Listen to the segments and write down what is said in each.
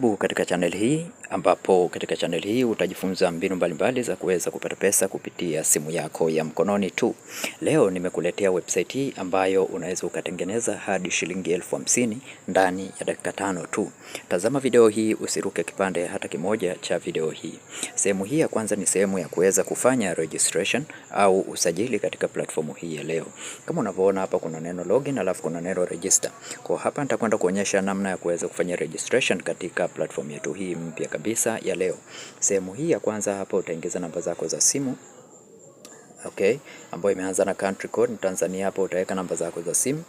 Karibu katika channel hii ambapo katika channel hii utajifunza mbinu mbalimbali za kuweza kupata pesa kupitia simu yako ya mkononi tu. Leo nimekuletea website hii ambayo unaweza ukatengeneza hadi shilingi elfu hamsini ndani ya dakika tano tu. Tazama video hii, usiruke kipande hata kimoja cha video hii. Sehemu hii ya kwanza ni sehemu ya kuweza kufanya registration au usajili katika platformu hii ya leo. Kama unavyoona hapa kuna neno login alafu kuna neno register. Kwa hapa nitakwenda kuonyesha namna ya kuweza kufanya registration katika platform yetu hii mpya kabisa ya leo. Sehemu hii ya kwanza hapa utaingiza namba zako za simu okay, ambayo imeanza na country code Tanzania. Hapa utaweka namba zako za simu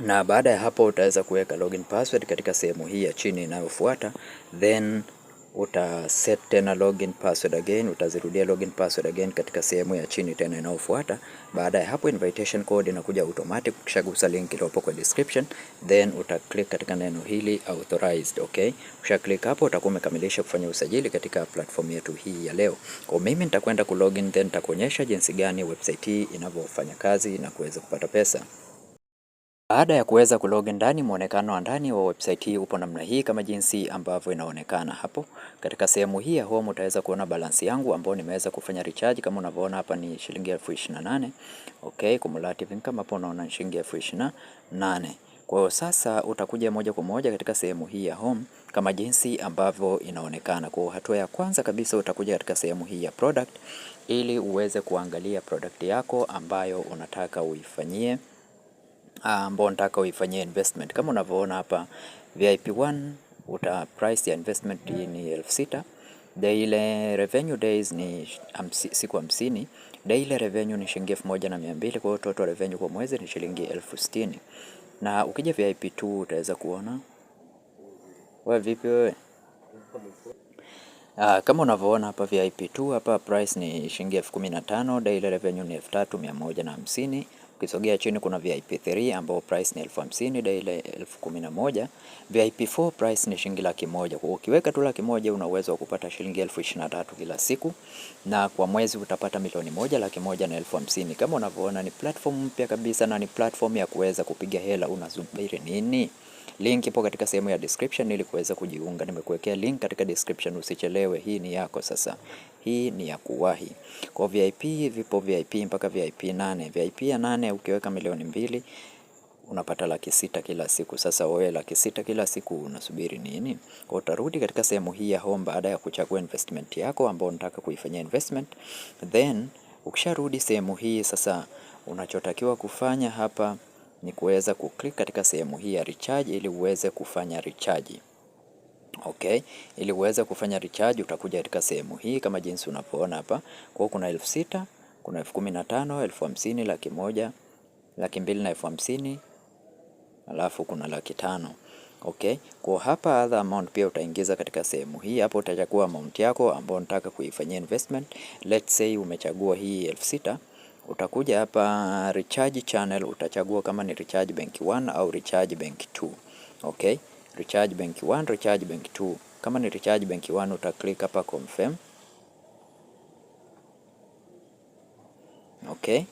na baada ya hapo utaweza kuweka login password katika sehemu hii ya chini inayofuata then uta set tena login password again, utazirudia login password again katika sehemu ya chini tena inayofuata. Baada ya hapo, invitation code inakuja automatic. Ukishagusa link iliyopo kwa description, then uta click katika neno hili authorized. Okay, ukisha click hapo, utakuwa umekamilisha kufanya usajili katika platform yetu hii ya leo. Kwa mimi nitakwenda ku login, then nitakuonyesha jinsi gani website hii inavyofanya kazi na kuweza kupata pesa. Baada ya kuweza kulogin ndani, mwonekano wa ndani wa website hii upo namna hii kama jinsi ambavyo inaonekana hapo. Katika sehemu hii ya home utaweza kuona balansi yangu ambayo nimeweza kufanya recharge kama unavyoona hapa ni shilingi elfu ishirini na nane. Okay, cumulative income hapo unaona ni shilingi elfu ishirini na nane. Kwa hiyo sasa utakuja moja kwa moja katika sehemu hii ya home kama jinsi ambavyo inaonekana. Kwa hatua ya kwanza kabisa utakuja katika sehemu hii ya product ili uweze kuangalia product yako ambayo unataka uifanyie Ah, ambao uh, nataka uifanyie investment. Kama unavyoona hapa VIP1 uta price ya investment hii ni elfu sita. Daily revenue days ni amsi, siku hamsini. Daily revenue ni shilingi elfu moja na mia mbili kwa hiyo total revenue kwa mwezi ni shilingi elfu sitini. Na ukija VIP2 utaweza kuona wewe vipi wewe? Uh, kama unavyoona hapa VIP2 hapa price ni shilingi elfu kumi na tano, daily revenue ni elfu tatu mia moja na hamsini Ukisogea chini kuna VIP 3 ambao price ni elfu hamsini da ile elfu kumi na moja. VIP 4 price ni shilingi laki moja. Kwa ukiweka tu laki moja una uwezo wa kupata shilingi elfu ishirini na tatu kila siku, na kwa mwezi utapata milioni moja laki moja na elfu hamsini. Kama unavyoona ni platform mpya kabisa na ni platform ya kuweza kupiga hela. Unasubiri nini? Link ipo katika sehemu ya description ili kuweza kujiunga. Nimekuwekea link katika description, usichelewe. Hii ni yako sasa hii ni ya kuwahi. Kwa VIP vipo VIP mpaka VIP nane. VIP ya nane ukiweka milioni mbili unapata laki sita kila siku. Sasa wewe laki sita kila siku unasubiri nini? Kwa utarudi katika sehemu hii ya home baada ya kuchagua investment yako ambayo unataka kuifanyia investment, then ukisharudi sehemu hii sasa, unachotakiwa kufanya hapa ni kuweza kuklik katika sehemu hii ya recharge ili uweze kufanya recharge. Okay, ili uweze kufanya recharge utakuja katika sehemu hii kama jinsi unapoona hapa. Kwa hiyo kuna elfu sita, kuna elfu kumi na tano, elfu hamsini, laki moja, laki mbili na elfu hamsini, alafu kuna laki tano. Okay, kwa hapa other amount pia utaingiza katika sehemu hii. Hapo utachagua amount yako ambayo unataka kuifanyia investment. Let's say umechagua hii elfu sita. Utakuja hapa recharge channel, utachagua kama ni recharge bank 1 au recharge bank 2. Okay recharge bank 1, recharge bank 2. Kama ni recharge bank 1 uta click hapa confirm. Okay,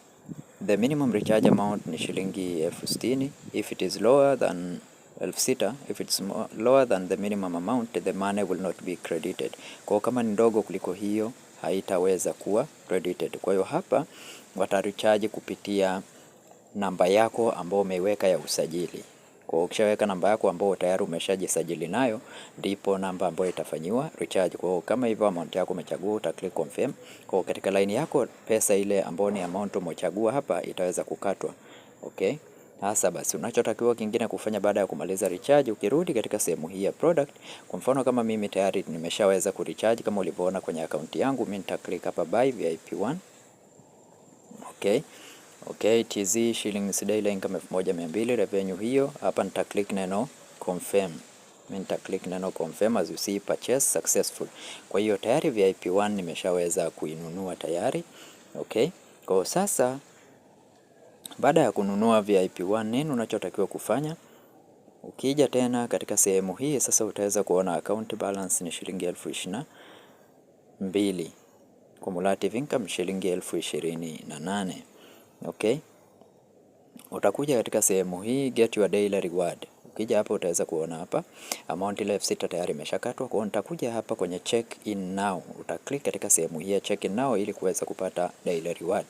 the minimum recharge amount ni shilingi elfu sitini if it is lower than elfu sita if it's more, lower than the minimum amount the money will not be credited. Kwa kama ni ndogo kuliko hiyo haitaweza kuwa credited. Kwa hiyo hapa watarecharge kupitia namba yako ambayo umeiweka ya usajili. Kwa ukishaweka namba yako ambayo tayari umeshajisajili nayo, ndipo namba ambayo itafanyiwa recharge. Kwa hiyo kama hivyo amount yako umechagua, uta click confirm. Kwa katika line yako pesa ile ambayo ni amount umechagua hapa itaweza kukatwa. Okay? Hasa basi, unachotakiwa kingine kufanya baada ya kumaliza recharge, ukirudi katika sehemu hii ya product. Kwa mfano kama mimi tayari nimeshaweza kurecharge kama ulivyoona kwenye akaunti yangu, mimi nita click hapa buy VIP1. Okay. Okay, TZ shillings daily income moja mia mbili revenue hiyo hapa nita click neno confirm. Mimi nita click neno confirm as you see purchase successful. Kwa hiyo tayari VIP 1 nimeshaweza kuinunua tayari. Okay. Kwa sasa baada ya kununua VIP 1 nini unachotakiwa kufanya? Ukija tena katika sehemu hii sasa utaweza kuona account balance ni shilingi elfu ishirini na mbili. Cumulative income shilingi elfu ishirini na nane okay. Utakuja katika sehemu hii get your daily reward. Ukija hapa utaweza kuona hapa amount ile elfu sita tayari imeshakatwa. Kwa hiyo nitakuja hapa kwenye check in now, utaklik katika sehemu hii ya check in now ili kuweza kupata daily reward.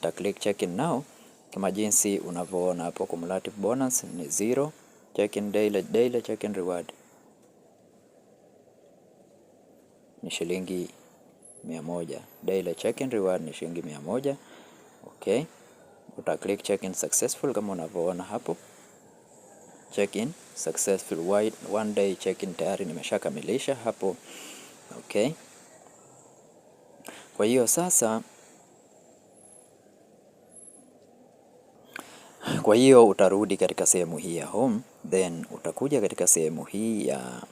Utaklik check in now kama jinsi unavyoona hapo, cumulative bonus ni zero. Check in daily, daily check in reward ni shilingi mia moja. Daily check in reward ni shilingi mia moja. Okay uta click check in successful kama unavyoona hapo, check in successful one day check in tayari nimeshakamilisha hapo. Okay, kwa hiyo sasa kwa hiyo utarudi katika sehemu hii ya home, then utakuja katika sehemu hii ya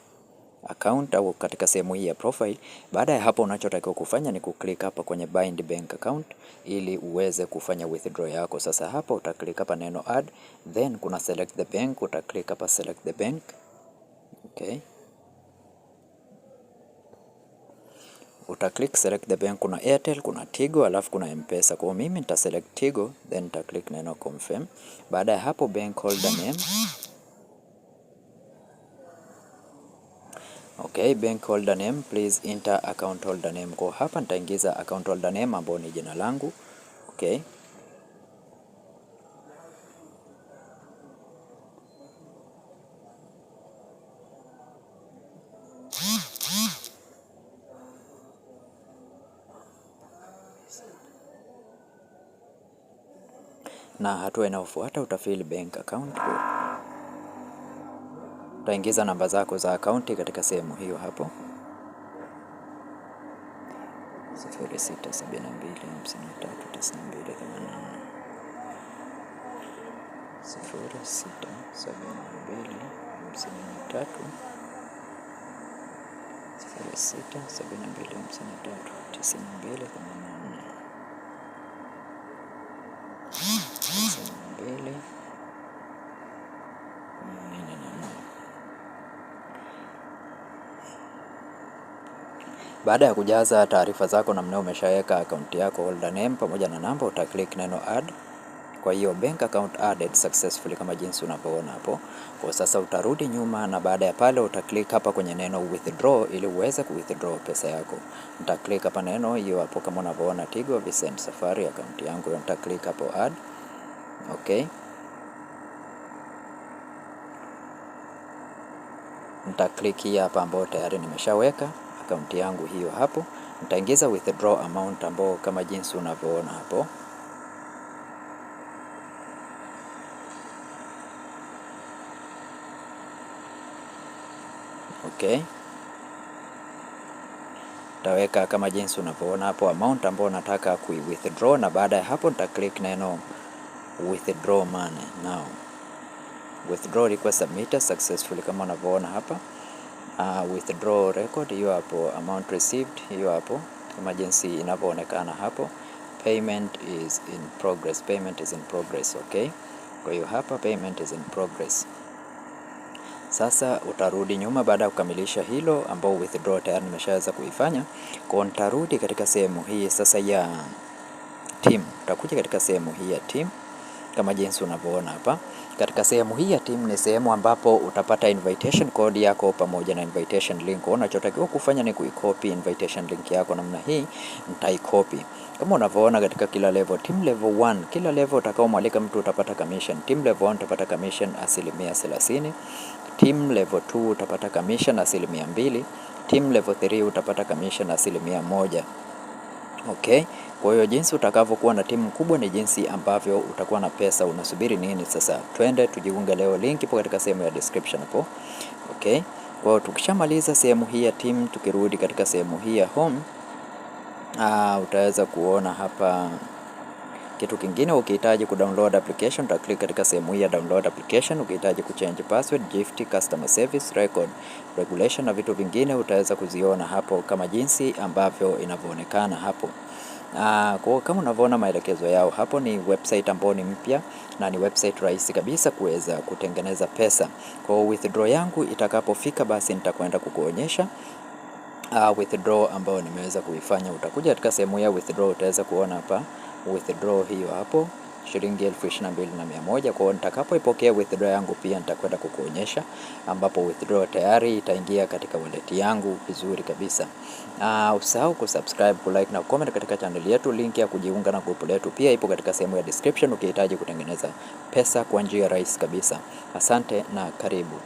account au katika sehemu hii ya profile. Baada ya hapo, unachotakiwa kufanya ni kuklik hapa kwenye bind bank account ili uweze kufanya withdraw yako. Sasa hapa utaklik hapa neno add, then kuna select the bank, utaklik hapa select the bank. Okay. Utaklik select the bank, kuna Airtel, kuna Tigo, alafu kuna Mpesa. Kwa mimi nita select Tigo, then click neno confirm. Baada ya hapo bank holder name Okay, bank holder name, please enter account holder name. Kwa hapa nitaingiza account holder name ambayo ni jina langu. Okay. Na hatua inayofuata utafill bank account. kwa utaingiza namba zako za akaunti katika sehemu hiyo hapo 06725388 0672539284 Baada ya kujaza taarifa zako namna umeshaweka akaunti yako holder name pamoja na namba, utaklik neno add. Kwa hiyo bank account added successfully kama jinsi unavyoona hapo. Kwa sasa utarudi nyuma, na baada ya pale utaklik hapa kwenye neno withdraw ili uweze kuwithdraw pesa yako. Nitaklik hapa neno hiyo hapo, kama unavyoona Tigo Vincent Safari account yangu, nitaklik hapo add. Okay, nitaklik hii hapa ambayo tayari nimeshaweka akaunti yangu hiyo hapo. Nitaingiza withdraw amount ambao kama jinsi unavyoona hapo okay. Nitaweka kama jinsi unavyoona hapo amount ambao nataka ku withdraw, na baada ya hapo nita click neno withdraw money now. Withdraw request submitted successfully kama unavyoona hapa uh, withdraw record hiyo hapo, amount received hiyo hapo, jinsi inavyoonekana hapo, payment is in progress, payment is in progress. Okay, kwa hiyo hapa payment is in progress. Sasa utarudi nyuma baada ya kukamilisha hilo, ambao withdraw tayari nimeshaweza kuifanya. Kwa nitarudi katika sehemu hii sasa ya team, utakuja katika sehemu hii ya team kama jinsi unavyoona hapa katika sehemu hii ya team ni sehemu ambapo utapata invitation code yako pamoja na invitation link. Unachotakiwa kufanya ni kuikopi invitation link yako namna hii, nitaikopi kama unavyoona katika kila level. Team level 1, kila level utakaomwalika mtu utapata commission. Team level 1 utapata commission asilimia 30. Team level 2 utapata commission asilimia 2. Team level 3 utapata commission asilimia moja. Okay, kwa hiyo jinsi utakavyokuwa na timu kubwa ni jinsi ambavyo utakuwa na pesa. Unasubiri nini sasa? Twende tujiunge leo, link ipo katika sehemu ya description hapo. Okay, kwa hiyo tukishamaliza sehemu hii ya team, tukirudi katika sehemu hii ya home, aa, ah, utaweza kuona hapa kitu kingine. Ukihitaji kudownload application click katika sehemu hii ya download application. Ukihitaji kuchange password, gift, customer service record, regulation na vitu vingine utaweza kuziona hapo kama jinsi ambavyo inavyoonekana hapo. Ah, kwa kama unavyoona maelekezo yao hapo, ni website ambayo ni mpya na ni website rahisi kabisa kuweza kutengeneza pesa. Kwa withdraw yangu itakapofika, basi nitakwenda kukuonyesha uh, withdraw ambayo nimeweza kuifanya. Utakuja katika sehemu ya withdraw, utaweza kuona hapa withdraw hiyo hapo shilingi elfu ishirini na mbili na mia moja. Kwa hiyo nitakapoipokea withdraw yangu pia nitakwenda kukuonyesha, ambapo withdraw tayari itaingia katika wallet yangu vizuri kabisa. Uh, usahau kusubscribe, kulike na comment katika channel yetu. Link ya kujiunga na grupu letu pia ipo katika sehemu ya description ukihitaji kutengeneza pesa kwa njia rahisi kabisa. Asante na karibu.